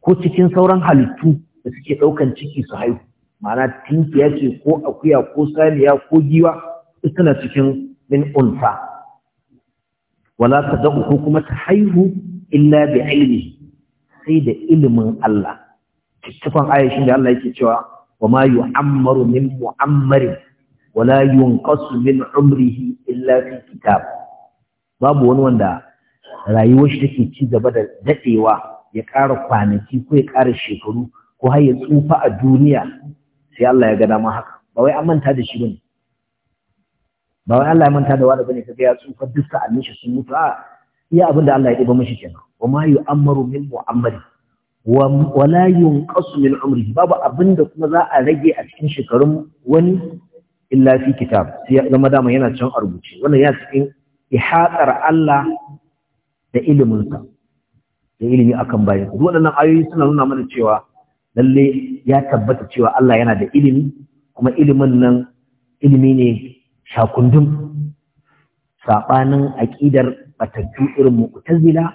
ko cikin sauran halittu da suke ɗaukan ciki su haihu ma'ana tinkiya ce ko akuya ko saniya ko giwa suna cikin min unfa wala tad'u ko kuma ta haihu illa bi ilmi sai da ilimin Allah cikin Aisha da Allah yake cewa wa ma yu'ammaru min mu'ammarin wala yunqasu min umrihi illa fi kitab babu wani wanda rayuwar shi take ci gaba da dadewa ya ƙara kwanaki ko ya ƙara shekaru ko har ya tsufa a duniya sai Allah ya ga dama haka ba wai an manta da shi bane ba wai Allah ya manta da wani bane kaga ya tsufa duk sun mutu a iya abinda Allah ya diba mishi kenan wa ma yu'ammaru min mu'ammari wa la yunqasu min umrihi babu abinda kuma za a rage a cikin shekarun wani illa fi kitab sai ya zama dama yana can a rubuce wannan ya cikin ihatar Allah da iliminsa da ilimi akan bayan duk waɗannan ayoyi suna nuna mana cewa lalle ya tabbata cewa Allah yana da ilimi kuma ilimin nan ilimi ne shakundun saɓanin aƙidar, batattu irin mu'tazila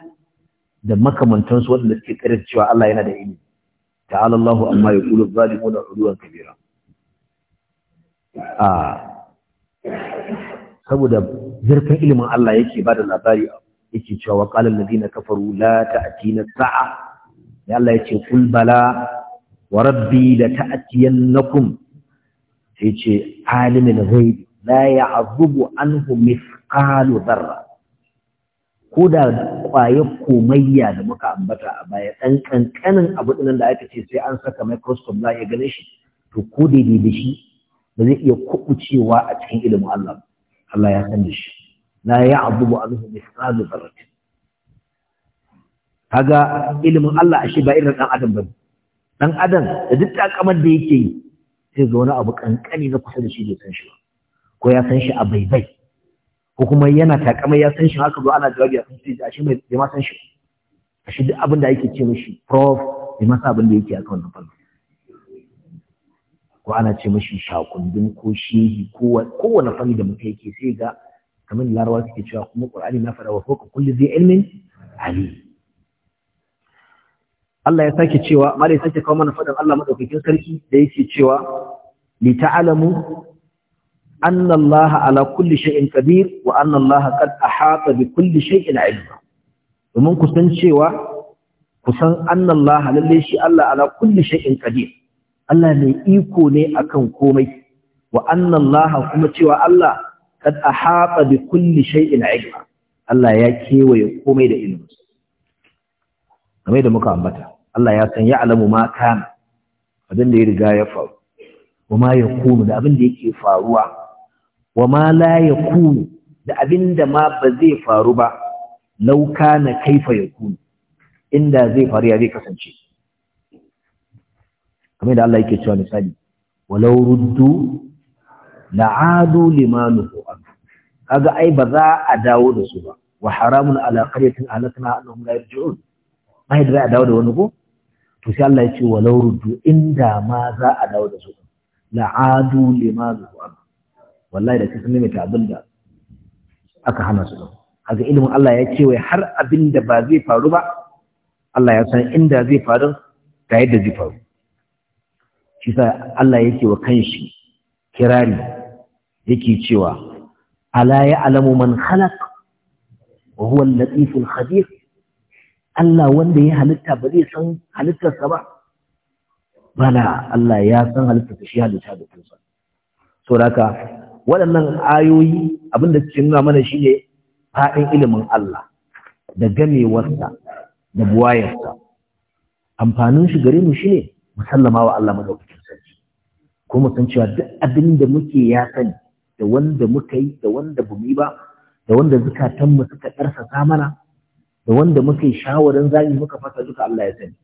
da makamantansu waɗanda suke karar cewa Allah yana da ilimi ta'ala Allahu amma yaqulu da uluwan kabira a ah, saboda zurfin ilimin Allah yake bada da labari yake cewa wa qala alladhina kafaru la ta'tina sa'a ya Allah yace kul bala warabbi da la ta'tiyannakum sai ce alimin ghaibi la an anhu mithqalu zarra. ko da ƙwayar komayya da muka ambata a baya ɗan ƙanƙanin abu ɗinan da aka ce sai an saka microscope za ya gane shi to ko daidai da shi ba zai iya kuɓucewa a cikin ilimin Allah Allah ya san da shi la ya abubu anhu misqalu dharratin kaga ilimin Allah ashe ba irin ɗan adam bane dan adam da duk takamar da yake yi sai ga wani abu kankani na kusa da shi bai san shi ba ko ya san shi a baibai ko kuma yana takamai ya san shi haka zuwa ana jawabi a kan shi da shi mai ma san shi a shi duk abin da yake ce mishi prof bai masa abin da yake a kan wannan fannin ko ana ce mashi shakundin ko shehi ko kowane fanni da mutum yake sai ga kamar larawa suke cewa kuma qur'ani na faɗa wa fawqa kulli zai ilmin ali Allah ya sake cewa mala ya sake kawo mana faɗin Allah madaukakin sarki da yake cewa li ta'lamu anna Allah ala kulli shay'in qadir wa anna Allah qad ahata bi kulli shay'in ilma domin ku san cewa ku san anna Allah lalle shi Allah ala kulli shay'in qadir Allah mai iko ne akan komai wa anna Allah kuma cewa Allah qad ahata bi kulli shay'in ilma Allah ya kewaye komai da ilminsa kamar da muka ambata Allah ya san ya alamu ma kana abin da ya riga ya faru wa ma ya kunu da abin da yake faruwa wa ma la ya kunu da abin da ma ba zai faru ba lau kana kaifa ya kunu inda zai faru ya zai kasance kamar da Allah yake cewa misali walau ruddu la'adu limanuhu an kaga ai ba za a dawo da su ba wa haramun ala qaryatin ahlakna annahum la yarji'un ba da za a dawo da wani ko to sai Allah ya ce walau ruddu inda ma za a dawo da su adu lima zuwan wallahi da kasan mai abin da aka hana su haka ilimin Allah ya ce wai har abinda da ba zai faru ba Allah ya san inda zai faru ga yadda zai faru shi sa Allah yake wa kanshi kirari yake cewa ala ya alamu man khalaq wa huwa al al khabir Allah wanda ya halitta ba zai san halittarsa ba bala Allah ya san halittarsa shi halitta da kansa haka waɗannan ayoyi abinda suke nuna mana shine fa'in ilimin Allah da gamewarsa da buwayarsa amfanin shi gare mu shine musallama wa Allah madaukakin sarki ko mu san cewa duk abin da muke ya sani da wanda muka yi da wanda bumi ba da wanda zukatan mu suka karsa mana da wanda muka yi shawarin zami muka fasa duka Allah ya sani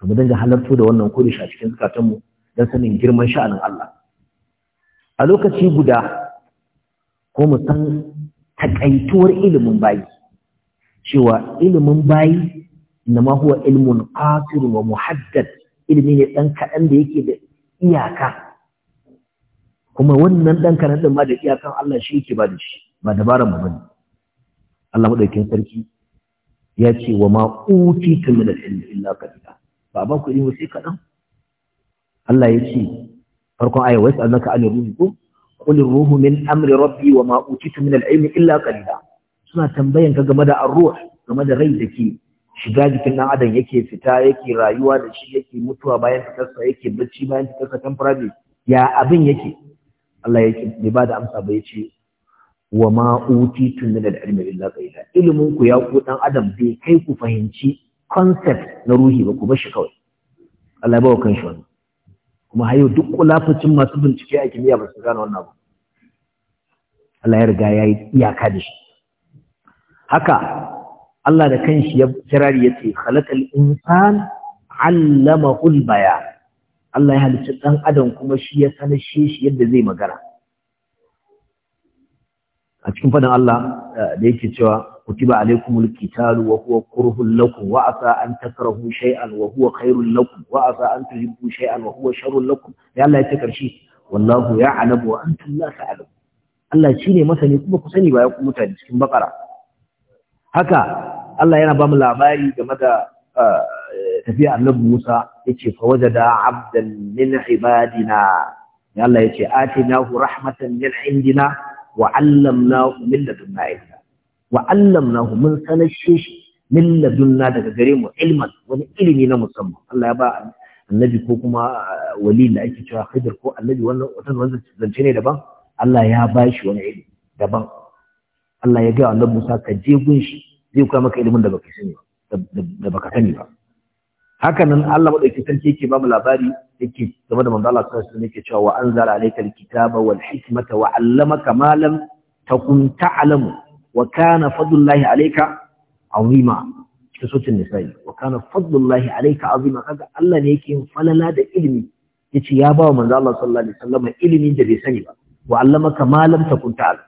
to mu dinga halarto da wannan kuri sha cikin mu. Dan sanin girman sha'anin Allah a lokaci guda ko mu san takaituwar ilimin bayi cewa ilimin bayi ma huwa ilmun qasir wa muhaddad ilimi ne dan kaɗan da yake da iyaka kuma wannan dan kadan din ma da iyakan Allah shi yake ba da shi ba dabaran mu bane Allah madaukakin sarki ya ce wa ma utitu min al-ilmi illa qalila ba ba ku ilimi sai kadan Allah ya ce farkon aya wasu annaka an ruhu ko Ƙulin ruhu min amri rabbi wa ma utitu min ilmi illa qalila suna tambayan ka game da ar game da rai da ke. shiga jikin dan adam yake fita yake rayuwa da shi yake mutuwa bayan kasa yake bacci bayan fitarsa temporary ya abin yake Allah ce bai ba da amsa ba yace wa ma tun min al-ilmi illa qalila ilimin ku ya ku dan adam bai kai ku fahimci concept na ruhi ba ku ba shi kawai Allah ya bawa kan shi wannan kuma hayo duk kulafacin masu bincike a kimiyya ba su gane wannan ba. Allah ya riga ya yi iyaka da shi haka Allah da kanshi ya kirari yace khalaqal insan allamahu al-bayan Allah ya halicci dan adam kuma shi ya sanashe shi yadda zai magana a cikin fadin Allah eh, da yake cewa kutiba alaikumul qitalu wa huwa kurhun lakum wa asa an takrahu shay'an wa huwa khairul lakum wa asa an tuhibbu shay'an wa huwa sharrul lakum ya Allah ya ce karshe wallahu ya'lamu wa antum la ta'lamun Allah ne masani kuma ku sani ba ya ku mutane cikin bakara haka Allah yana ba mu labari game da eh, tafiya annabi Musa yace fa wajada abdan min ibadina ya Allah yace atinahu rahmatan min indina wa allamnahu min ladunna ilma wa mun sanashe shi min ladunna daga gare mu ilman wani ilimi na musamman Allah ya ba annabi ko kuma uh, wali da ake cewa Khidir ko annabi wannan wannan zance ne daban Allah ya ba shi wani ilimi daban Allah ya ga annabi Musa ka je gun shi zai koya maka ilimin da baka sani ba da baka sani ba Hakanan Allah madauki sarki yake ba mu labari yake game da manzo Allah sallallahu alaihi wasallam yake cewa wa anzala alayka alkitaba wal hikmata wa 'allamaka ma lam takun ta'lamu wa kana fadlullahi alayka 'azima cikin sutun nisa'i wa kana fadlullahi alayka 'azima kaga Allah ne yake falala da ilimi yace ya ba wa manzo Allah sallallahu alaihi wasallam ilimin da bai sani ba wa 'allamaka ma lam takun ta'lam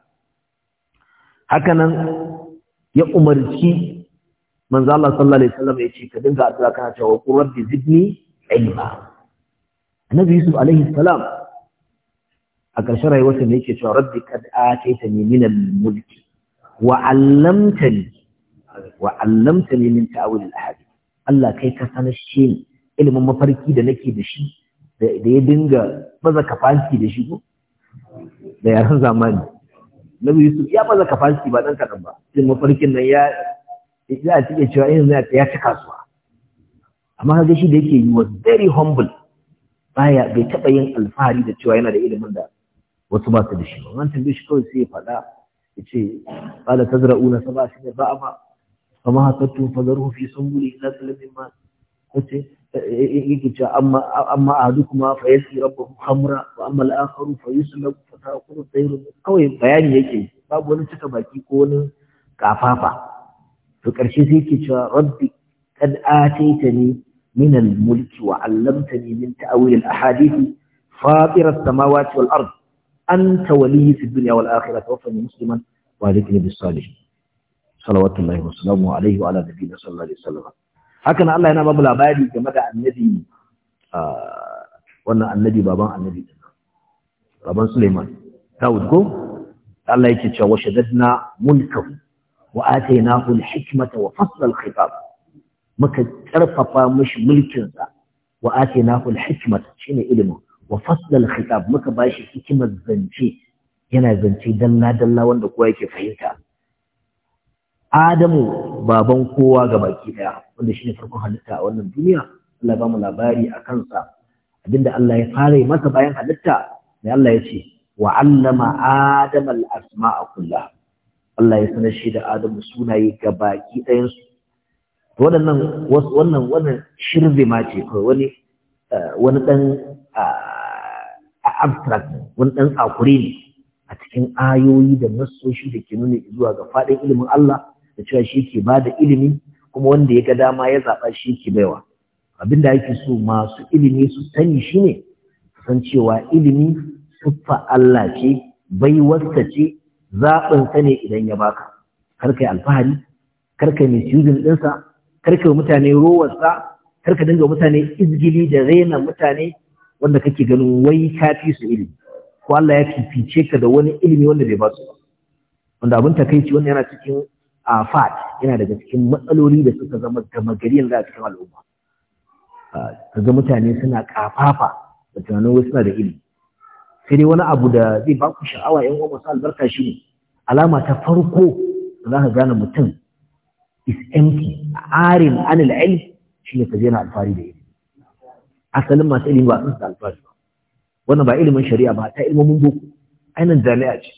haka nan ya umarci manzo Allah sallallahu alaihi wasallam yace ka dinga addu'a kana cewa qur rabbi zidni ilma annabi yusuf alaihi salam a ƙarshen rayuwarsa ne yake cewa rabbi kad ataitani min al-mulki wa 'allamtani wa 'allamtani min ta'wil al-ahadith Allah kai ka sanar shi ne ilimin mafarki da nake da shi da ya dinga baza kafanci da shi ko da yaran zamani Nabi Yusuf ya baza kafanci ba dan kadan ba ilimin mafarkin nan ya za a cike cewa yanzu ya ci kasuwa amma kaga shi da yake yi was very humble baya bai taɓa yin alfahari da cewa yana da ilimin da wasu ba su da shi ba wannan tambaye shi kawai sai ya faɗa ya ce tazara'u na sama shi ne ba'a a fa ma hasattu fa zaruhu fi sunbuli na salamin ma kace yake cewa amma amma ahadukuma fa yasi rabbahu hamura wa amma al-akharu fa na fa kuma kawai bayani yake babu wani cika baki ko wani kafafa to ƙarshe sai ke cewa rabbi kad ataitani min al mulki wa 'allamtani min ta'wil al-ahadith fatir as-samawati wal ard anta waliyyi fid dunya wal akhirah tawaffani musliman wa alikni bis salihin salawatullahi wa salamu alaihi wa ala nabiyina sallallahu alaihi wasallam haka Hakan Allah yana babu labari game da annabi wannan annabi baban annabi baban Suleiman Dawud ko Allah yake cewa shadadna mulkahu wa atainahu al-hikmata wa fasl al muka karfafa mishi mulkin sa wa atainahu al shine ilimin wa fasl al-khitab muka bashi hikimar zance yana zance dalla dalla wanda kowa yake fahimta Adamu baban kowa ga baki ɗaya, wanda shine farkon halitta a wannan duniya Allah ba labari a kansa abinda Allah ya fara masa bayan halitta mai Allah ya ce wa allama Adam al-asma'a kullaha Allah ya sanar shi da Adamu sunaye ga baki ɗayansu waɗannan wannan wannan shirbe ma ce kawai wani eh, wani ɗan eh, abstract wani ɗan akure ne a cikin ayoyi da nassoshi da ke nuna zuwa ga faɗin ilimin Allah da cewa shi ke ba da ilimi kuma wanda ya ga dama ya zaɓa shi ke baiwa Abin abinda yake so masu ilimi su sani shine san cewa ilimi siffa Allah ce baiwarsa ce zaɓin sa ne idan ya baka kar yi alfahari kar kai misusing ɗinsa kar kai mutane rowarsa kar ka dinga mutane izgili da raina mutane wanda kake ganin wai ka fi su ilimi ko Allah ya fifice ka da wani ilimi wanda bai ba su ba wanda abin takaici wanda yana cikin afat yana daga cikin matsaloli da suka zama gama gari yanzu a cikin al'umma ga mutane suna kafafa da tunanin wasu suna da ilimi sai dai wani abu da zai ba ku sha'awa yan uwa masu albarka shi ne alama ta farko da za ka gane mutum is empty arin an ilm shi ne ka je na alfari da ilimi asalin masu ilimi ba sun alfari ba wannan ba ilimin shari'a ba ta ilimin boko ainihin jami'a ce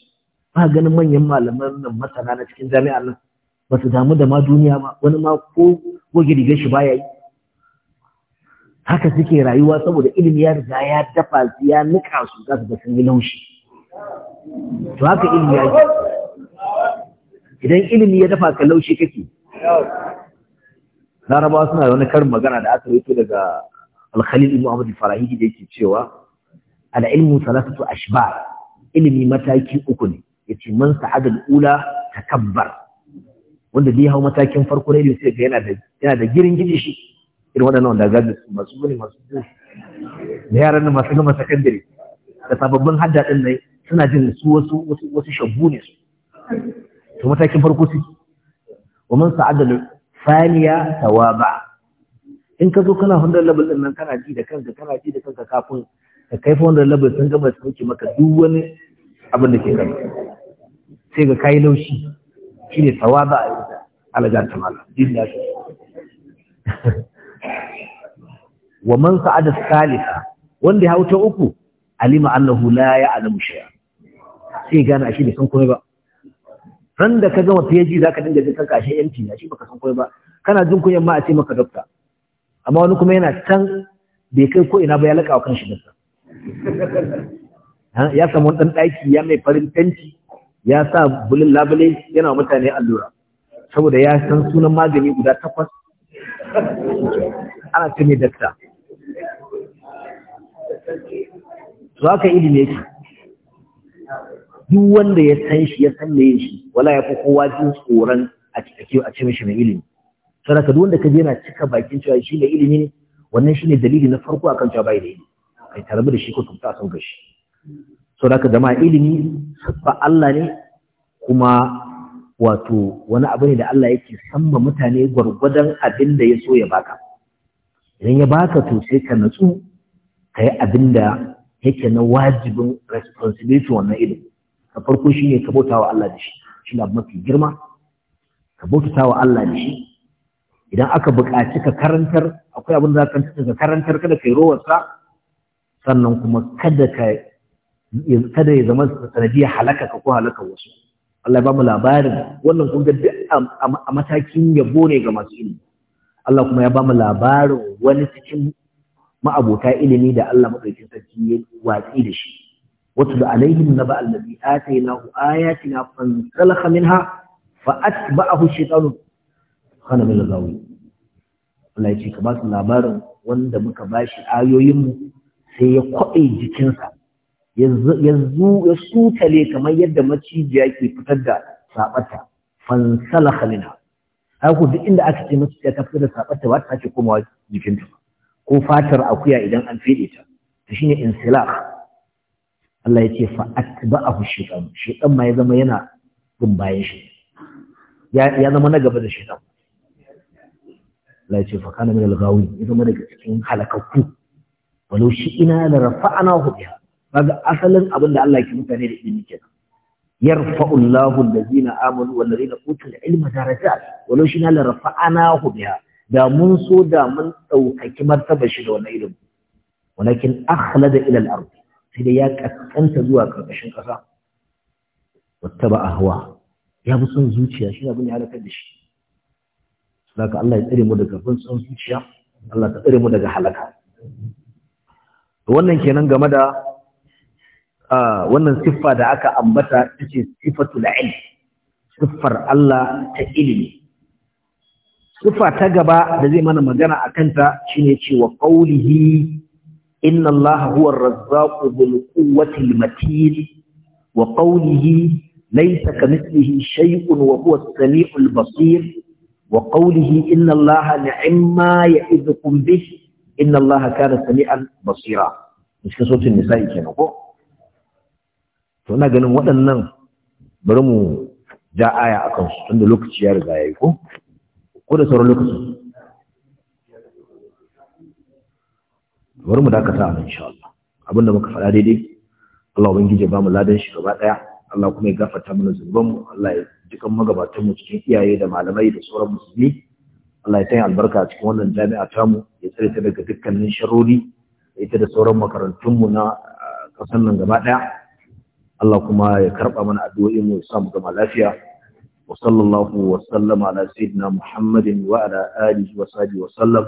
ba ganin manyan malaman nan masana na cikin jami'a nan ba su damu da ma duniya ba wani ma ko goge rigar shi baya yi haka suke rayuwa saboda ilimi ya riga ya dafa su ya nika su za su ga sun yi laushi to haka ilimi ya idan ilimi ya dafa ka laushi kake larabawa suna da wani karin magana da aka rito daga alkhalil ibn ahmad farahidi da yake cewa al ilmu ash ashba ilimi mataki uku ne yace man sa'ada al ula takabbar wanda dai hau matakin farko ne sai ga yana da yana da girin gidi shi irin waɗannan wanda gajin su masu zuni masu zuni da yaran nan masu gama sakandare da sababbin hadda ɗin nan suna jin su wasu wasu wasu shabbu ne su to matakin farko su wa man sa'adal Saniya tawaba in ka zo kana hundar level din nan kana ji da kanka kana ji da kanka kafin ka kai fa hundar level sun gama sauke maka duk wani abin da ke kan sai ga kai laushi shine tawaba a alaga ta mala din da wa man sa'ada salisa wanda ya wuta uku alima annahu la ya'lamu shay'a sai gane shi bai san komai ba ran da ka gama yaji zaka dinga jin kanka shi yanci shi baka san komai ba kana jin kunyan ma a ce maka dokta amma wani kuma yana can bai kai ko ina ba ya lakawa kan shi dokta ya samu dan daki ya mai farin tanci ya sa bulin labule yana wa mutane allura saboda ya san sunan magani guda takwas ana ce mai dakta zaka idi ilimi ki duk wanda ya san shi ya san me shi wala ya fi kowa jin tsoron a cikin a cikin shi mai ilimi sai ka duk wanda ka je yana cika bakin cewa shi mai ilimi ne wannan shine dalili na farko akan cewa bai da ilimi kai tarbi da shi ko tunta son gashi so da ka zama ilimi ba Allah ne kuma wato wani abu ne da Allah yake samba mutane gwargwadon abin da ya so ya baka idan ya baka to sai ka natsu ka yi abin da yake na wajibin responsibility wannan ilimi ka farko shi ne ka bauta wa Allah da shi shi na mafi girma ka bauta wa Allah da shi idan aka buƙaci ka karantar akwai abin da za ka karantar kada ka yi rowarsa sannan kuma kada ka kada ya zama sanadiyar halaka ka ko halaka wasu Allah ba mu labarin wannan kun ga duk a matakin yabo ne ga masu ilimi Allah kuma ya ba mu labarin wani cikin ma'abota ilimi da Allah madaukakin sarki ya watsi da shi واتل عليهم نبأ الذي آتيناه آياتنا فانسلخ منها فأتبعه الشيطان خان من الغاوي Allah ya ce ka ba su labarin wanda muka bashi ayoyin ayoyinmu sai ya kwaɓe jikinsa ya sutale kamar yadda macijiya ke fitar da sabata, fansala minha haiku duk inda aka ce masu ta fito da saɓarta ba ta sake komawa jikinta ko fatar akuya idan an fede ta to shine insilah Allah ya ce fa atba'ahu shaytan shaytan ma ya zama yana bin bayan shi ya ya zama na gaba da shaytan Allah ya ce fa kana min al-ghawin ya zama daga cikin halakakku walau shi ina la rafa'nahu biha kaga asalin abin da Allah ke mutane da ilimi kenan yarfa'u Allahu allazina amanu wal ladina utul ilma darajat walau shi la rafa'anahu biha da mun so da mun daukaki martaba shi da wannan ilimi walakin akhlada ila al-ard sai dai ya kaskanta zuwa karkashin kasa wattaba ahwa ya bi son zuciya shi abin ya halaka da shi saka Allah ya tsare mu daga bin son zuciya Allah ya tsare mu daga halaka to wannan kenan game da wannan siffa da aka ambata ta ce siffatul siffar Allah ta ilimi siffa ta gaba da zai mana magana a kanta shine cewa qaulihi inna Allah huwa ar-razzaqu bil quwwati al-matin wa qaulihi laysa kamithlihi shay'un wa huwa as basir wa qaulihi inna Allah ni'ma ya'idukum bih inna Allah kana sami'an basira cikin sautin nisa'i kenan ko to ina ganin waɗannan bari mu ja aya a kansu tunda lokaci ya riga ya yi ko ko da sauran lokacin bari mu dakata a insha Allah abinda muka faɗa daidai Allah ubangiji ba mu ladan shi gaba ɗaya Allah kuma ya gafarta mana zunuban mu Allah ya jikan magabatan mu cikin iyaye da malamai da sauran musulmi Allah ya tayi albarka a cikin wannan jami'a tamu ya tsare ta daga dukkanin sharori ita da sauran makarantunmu na kasan nan gaba ɗaya Allah kuma ya karɓa mana addu'o'in mu sa mu gama lafiya wa sallallahu wa sallama ala sayyidina Muhammadin wa ala alihi wa sahbihi wa sallam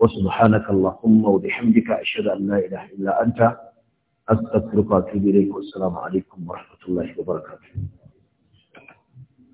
wa subhanaka allahumma wa bihamdika ashhadu an la ilaha illa anta astaghfiruka wa atubu ilayk wa assalamu alaikum wa rahmatullahi wa barakatuh